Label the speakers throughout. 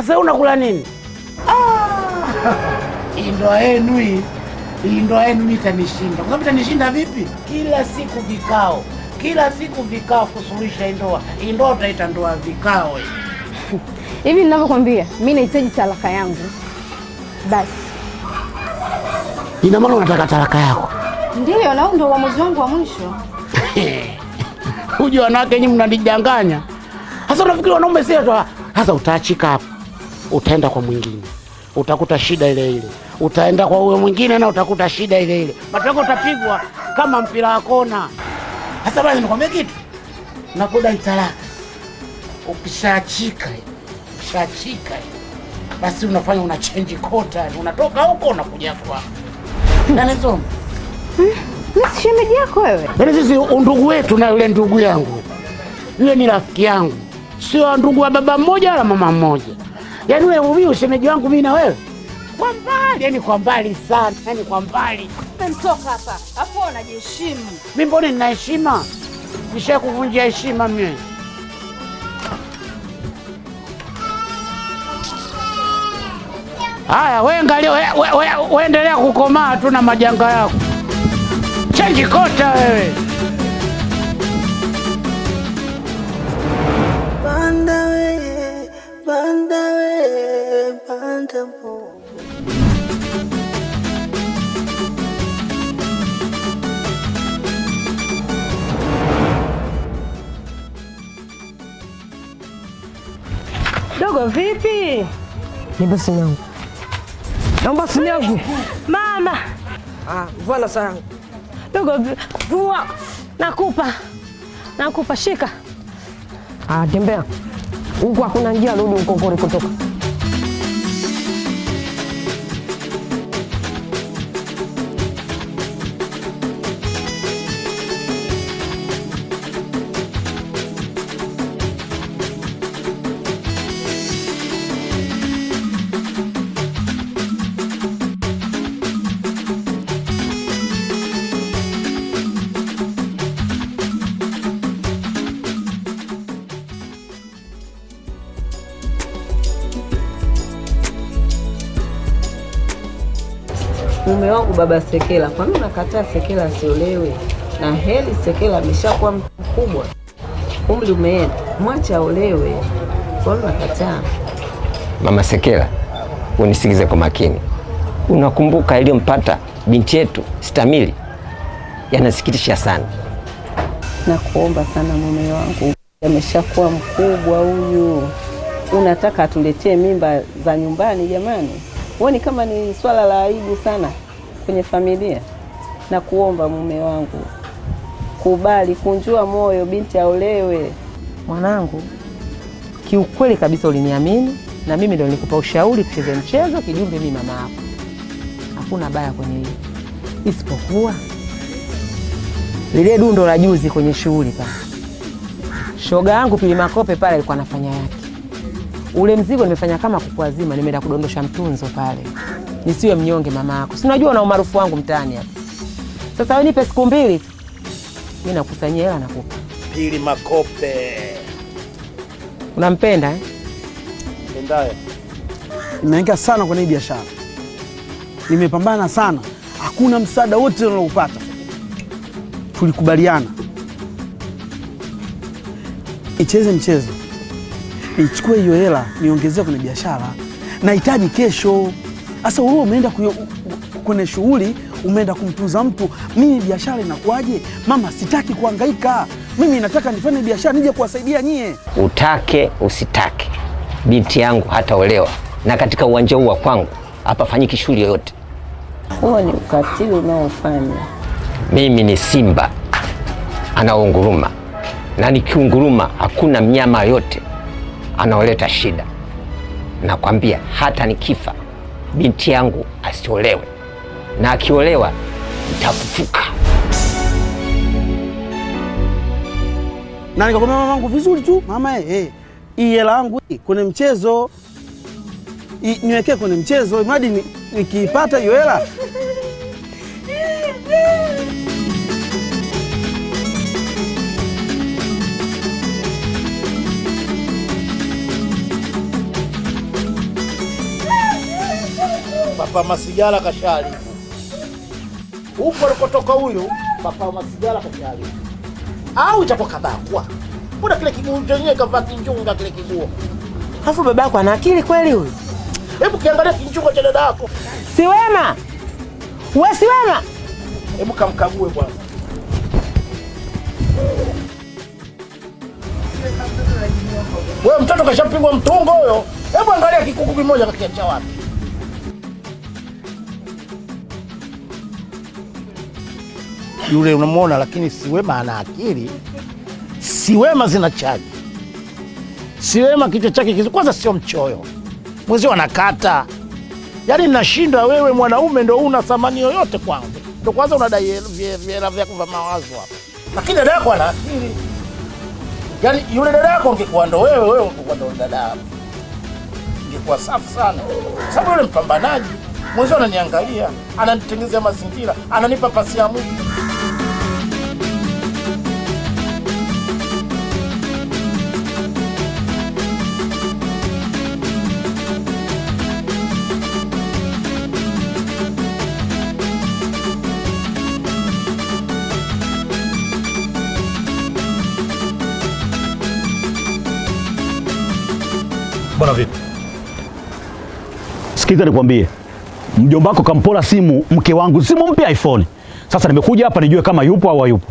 Speaker 1: Sasa unakula nini?
Speaker 2: Ah! ndoa yenu hii, ndoa yenu mimi itanishinda. Kwa sababu itanishinda vipi? Kila siku vikao, kila siku vikao kusuluhisha indoa ndoa. ndoa utaita ndoa vikao
Speaker 3: hivi. Ninavyokwambia mimi nahitaji talaka yangu basi.
Speaker 1: Ina maana unataka talaka yako?
Speaker 3: Ndiyo, nao ndo uamuzi wangu wa mwisho.
Speaker 1: Huji wanawake nyinyi mnanijanganya. hasa unafikiri wanaume sio? Ah, hasa utaachika hapo utaenda kwa mwingine utakuta shida ile ile, utaenda kwa huyo mwingine na utakuta shida ile ile, matokeo utapigwa kama mpira wa kona. Sasa basi, nikwambia kitu, nakodai talaka. Ukishachika ukishachika, basi unafanya una change kota, unatoka huko unakuja kwa nanizoma
Speaker 3: hmm? shemeji yako wewe.
Speaker 1: Yaani sisi undugu wetu na yule ndugu yangu yule ni rafiki yangu, sio ndugu wa baba mmoja wala mama mmoja Yaani wewe uvi ushemeji wangu mimi na wewe kwa mbali, yani kwa mbali sana, yani kwa mbali.
Speaker 3: Mtoka hapa hapo, unajiheshimu.
Speaker 1: Mimi mbona nina heshima? Nisha kuvunjia heshima mimi. Haya, wewe angalia, wewe endelea kukomaa tu na majanga yako. Chenji kota wewe.
Speaker 3: Dogo vipi?
Speaker 1: Ni basi yangu. Naomba simu yangu. Mama. Ah, vua saa yangu.
Speaker 3: Dogo vua. Nakupa. Nakupa shika.
Speaker 1: Ah, tembea. Huko hakuna njia, rudi Mkongore kutoka
Speaker 4: mume wangu baba Sekela, kwa nini unakataa Sekela asiolewe? Na heli Sekela ameshakuwa mtu mkubwa, umri umeenda, mwacha aolewe. Kwa nini unakataa?
Speaker 5: Mama Sekela, unisikize kwa makini. Unakumbuka iliyompata binti yetu Stamili? Yanasikitisha sana.
Speaker 4: Nakuomba sana mume wangu, ameshakuwa mkubwa huyu, unataka atuletee mimba za nyumbani? Jamani, huoni kama ni swala la aibu sana? kwenye familia, na kuomba mume wangu kubali kunjua moyo, binti aolewe.
Speaker 1: Mwanangu, kiukweli kabisa uliniamini na mimi ndio nilikupa ushauri tucheze mchezo kijumbe, mimi mama yako, hakuna baya kwenye hiyo, isipokuwa lile dundo la juzi kwenye shughuli pa shoga yangu Pili Makope pale alikuwa anafanya yake. Ule mzigo nimefanya kama kukuazima, nimeenda kudondosha mtunzo pale nisiwe mnyonge mama yako. Si unajua una umaarufu wangu mtaani hapa. Sasa wewe nipe siku mbili tu, mimi nakusanyia hela nakupa.
Speaker 6: Pili Makope,
Speaker 1: unampenda eh? Mpendaye. Nimeingia sana kwenye hii biashara, nimepambana sana, hakuna msaada wote unaopata. Tulikubaliana icheze mchezo, nichukue hiyo hela niongezee kwenye biashara, nahitaji kesho. Sasa wewe umeenda kwenye shughuli, umeenda kumtunza mtu, mimi biashara inakuwaje? Mama, sitaki kuhangaika mimi, nataka nifanye biashara nije kuwasaidia nyie.
Speaker 5: Utake usitake, binti yangu hataolewa, na katika uwanja huu wa kwangu hapafanyiki shughuli yoyote.
Speaker 4: Huo ni ukatili unaofanya.
Speaker 5: Mimi ni simba anaunguruma, na nikiunguruma hakuna mnyama yote anaoleta shida. Nakwambia hata nikifa binti yangu asiolewe, na akiolewa nitafufuka.
Speaker 1: Na nikakwambia mamangu vizuri tu, mama eh, eh. hii hela yangu kwenye mchezo niwekee kwenye mchezo, mradi nikiipata hiyo hela Papa Masigala kashaharibu huko alikotoka huyu Papa Masigala kashaharibu, au itakuwa kabakwa. Mbona kile kiguu chenyewe kavaa kinjunga kile kiguo? Alafu baba yako ana akili kweli huyu? Hebu kiangalia kinjunga cha dada yako. Si wema we, si wema. Hebu kamkague bwana. Wewe mtoto kashapigwa mtungo huyo. Hebu angalia kikuku kimoja kakiacha wapi? yule unamwona, lakini Siwema ana akili. Siwema zina chaji. Siwema kichwa chake kwanza sio mchoyo, mwenzio anakata. Yaani nashindwa, wewe mwanaume ndo una thamani yoyote kwangu, ndo kwanza unadai vyera vyako vya mawazo hapa, lakini dada yako ana akili. Yaani yule dada yako ungekuwa ndo wewe, wewe ungekuwa ndo dada yako ungekuwa safi sana, sababu yule mpambanaji mwenzio ananiangalia, ananitengenezea mazingira, ananipa pasi ya mwili
Speaker 7: Bwana vipi? Sikiza nikwambie, mjomba wako kampola simu mke wangu, simu mpya iPhone. Sasa nimekuja hapa nijue kama yupo au hayupo.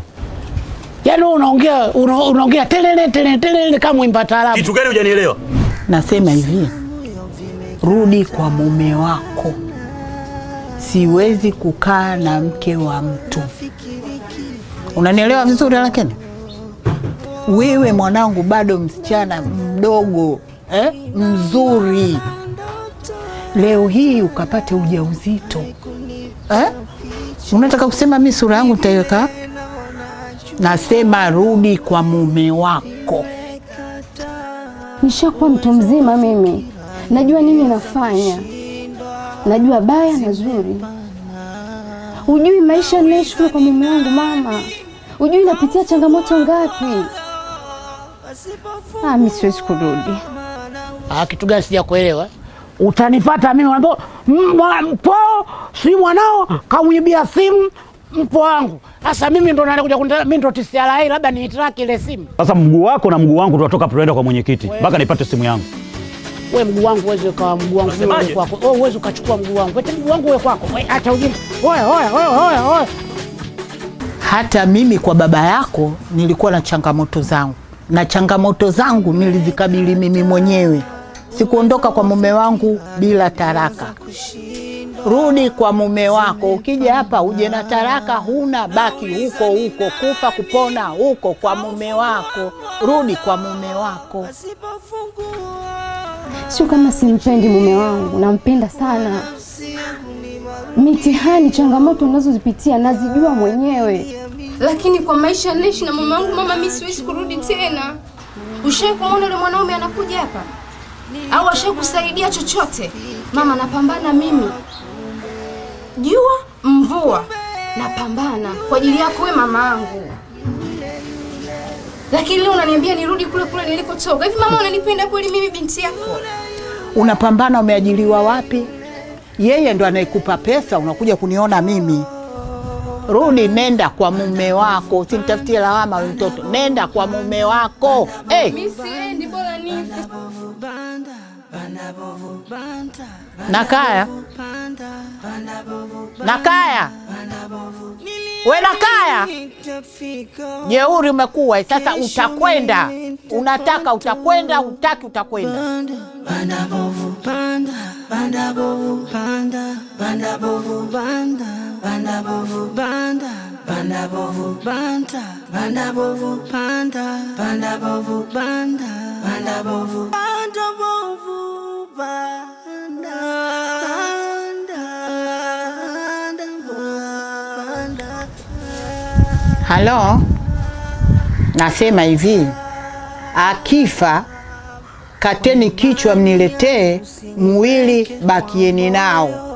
Speaker 1: Yaani unaongea unaongea telele telele telele kama mwimba taarabu.
Speaker 7: Kitu gani hujanielewa?
Speaker 4: Nasema hivi, rudi kwa mume wako. Siwezi kukaa na mke wa mtu.
Speaker 1: Unanielewa vizuri lakini?
Speaker 4: Wewe mwanangu, bado msichana mdogo eh, mzuri leo hii ukapate ujauzito
Speaker 1: eh? Unataka kusema mi sura yangu nitaiweka?
Speaker 4: Nasema rudi kwa mume wako.
Speaker 3: Nishakuwa mtu mzima mimi, najua nini nafanya, najua baya na zuri. Ujui maisha ninayoshukuru kwa mume wangu mama, ujui napitia changamoto ngapi. Ah, mi siwezi kurudi.
Speaker 1: Ah, kitu gani sija kuelewa? Utanipata mimi unaambia mpo, mm, si mwanao kauibia simu mpo wangu. Sasa mimi ndo kuja kunitaka mimi ndo TCRA, labda niitiraki ile simu.
Speaker 7: Sasa mguu wako na mguu wangu tutatoka tunaenda kwa mwenyekiti mpaka nipate simu yangu.
Speaker 1: Wewe mguu wangu uweze kwa mguu wangu wewe kwako. Wewe uweze ukachukua mguu wangu. Wewe mguu wangu uwe kwako. Hata ujinga. Oya, oya, oya, oya.
Speaker 4: Hata mimi kwa baba yako nilikuwa na changamoto zangu na changamoto zangu nilizikabili mimi mwenyewe sikuondoka kwa mume wangu bila taraka. Rudi kwa mume wako. Ukija hapa uje na taraka, huna baki huko huko, kufa kupona huko kwa mume wako. Rudi kwa mume wako.
Speaker 3: Sio kama simpendi mume wangu, nampenda sana. Mitihani, changamoto unazozipitia nazijua mwenyewe, lakini kwa maisha naishi na mume wangu, mama, mimi siwezi kurudi tena. Ushawahi kumwona yule mwanaume anakuja hapa? au washawahi kusaidia chochote? Mama, napambana mimi, jua mvua, napambana kwa ajili yako wewe mama yangu, lakini leo unaniambia nirudi kule kule nilikotoka. Hivi mama, unanipenda kweli mimi binti yako?
Speaker 1: Unapambana, umeajiliwa wapi? Yeye ndo anayekupa pesa, unakuja kuniona mimi.
Speaker 4: Rudi, nenda kwa mume wako, usinitafutie lawama. mtoto, nenda kwa mume wako. Hey. Mimi siendi, bora
Speaker 1: Nakaya, Nakaya, we Nakaya, jeuri umekuwa eh, sasa. Utakwenda, unataka utakwenda, utaki utakwenda. Banda bovu banda bovu, bovu, banda banda, banda banda banda bovu banda banda bovu banda banda
Speaker 4: bovu banda banda bovu banda bovu banda banda banda. Halo, nasema hivi, akifa kateni kichwa mniletee, mwili bakieni nao.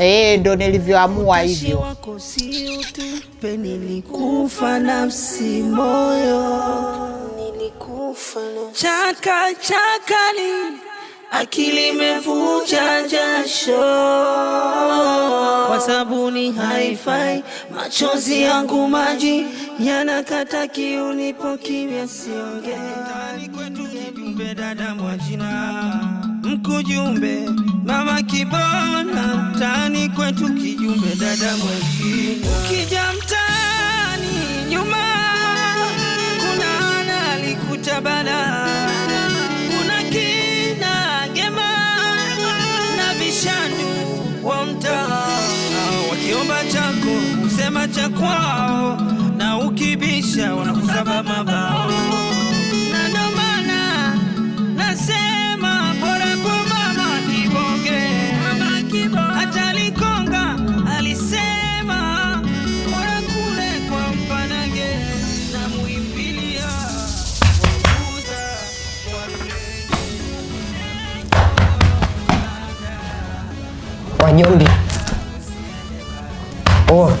Speaker 4: Eh, ndo nilivyoamua hivyo. Wako utu, nilikufa nafsi moyo, nilikufa chaka chakali, akili imevuja jasho, kwa sabuni haifai, machozi yangu maji yanakata kiu, nipo kimya siongea, kwetu kiumbe dada Mwajina Kujumbe mama kibona tani kwetu kijumbe, dada mweshima, ukija mtani nyuma kuna analikuta
Speaker 1: alikuta kuna kina gema na vishandu wa mtaa wakiomba chako kusema cha kwao, na ukibisha wanakusaba mabao wajombi. Oh.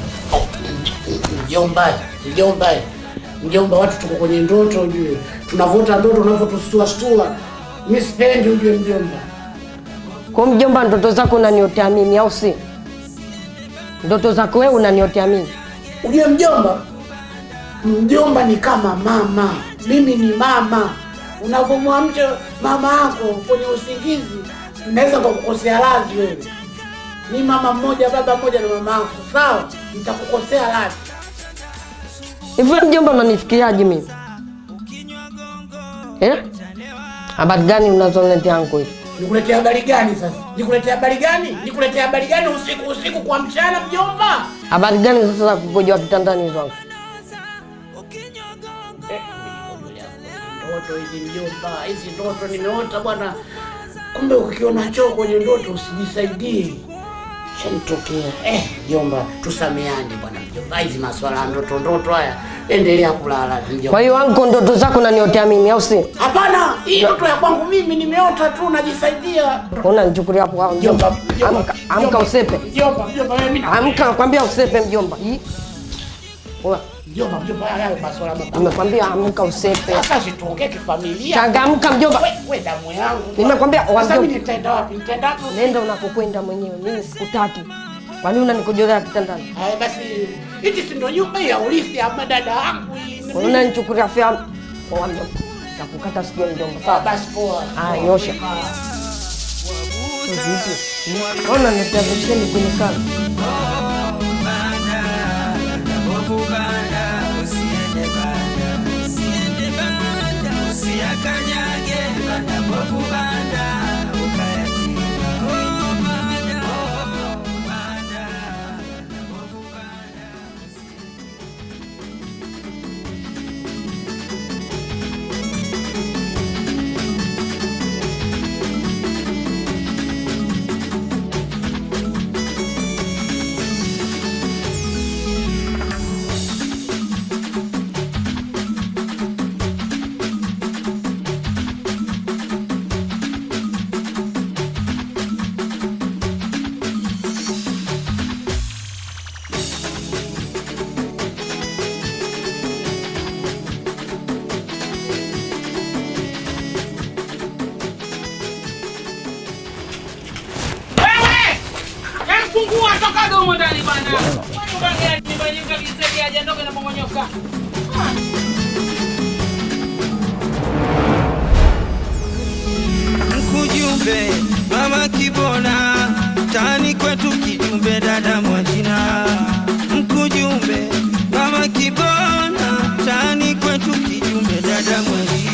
Speaker 1: Mjomba, mjomba, mjomba, watu tuko kwenye ndoto ujue, tunavuta ndoto unavyotustua stua. Mimi sipendi ujue mjomba. Kwa mjomba, ndoto zako unaniotea mimi au si? Ndoto zako wewe unaniotea mimi. Ujue mjomba, mjomba ni kama mama, mimi ni mama. Unavyomwamsha mama yako kwenye usingizi, naweza kukukosea radhi wewe ni mama mmoja baba mmoja na mama yako, sawa? Nitakukosea lati Hivi Mjomba, unanifikiaje mimi eh? Habari gani unazoletea yangu hivi? Nikuletea habari gani sasa? Nikuletea habari gani? Nikuletea habari gani usiku usiku kwa mchana mjomba? Habari gani sasa za kukojoa vitandani zangu? Eh, ndoto hizi mjomba, hizi ndoto nimeota bwana. Kumbe ukiona choo kwenye ndoto usijisaidie shanitokea. Eh, jomba, tusameane bwana mjomba, hizi maswala ndoto ndoto haya, endelea kulala mjomba. Kwa hiyo wangu ndoto zako naniotea mimi au si? Hapana, hii ndoto ya kwangu mimi nimeota tu, najisaidia. Ona nichukulia hapo hao mjomba. Amka, amka usepe mjomba, mjomba, mimi amka, nakwambia usepe mjomba. Hii. Oa. Mjomba, mjomba, haya masuala mabaya. Nimekwambia amka usepe. Sasa situongee kifamilia. Changamka mjomba. Wewe damu yangu. Nimekwambia wapi? Sasa mimi nitaenda wapi? Nitaenda wapi? Nenda unakokwenda mwenyewe. Mimi sikutaki. Kwa nini unanikojolea kitandani? Haya basi. Hizi si ndio nyumba ya urithi ama dada yangu hii. Kwa nini unanichukulia fia? Kwa mjomba. Nakukata sikio mjomba. Sawa ah, basi poa. Ah, yosha. Ah. Ona nitavisheni kwenye kanga. kanyage banda bokubanda Baba. Ah.
Speaker 8: Mkujumbe mama Kibona, tani kwetu kijumbe, dada Mwajina. Mkujumbe mama Kibona, tani kwetu kijumbe, dada Mwajina.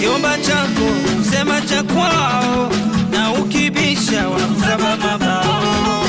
Speaker 8: Kiomba chako kusema cha kwao, na ukibisha wanakuza mabao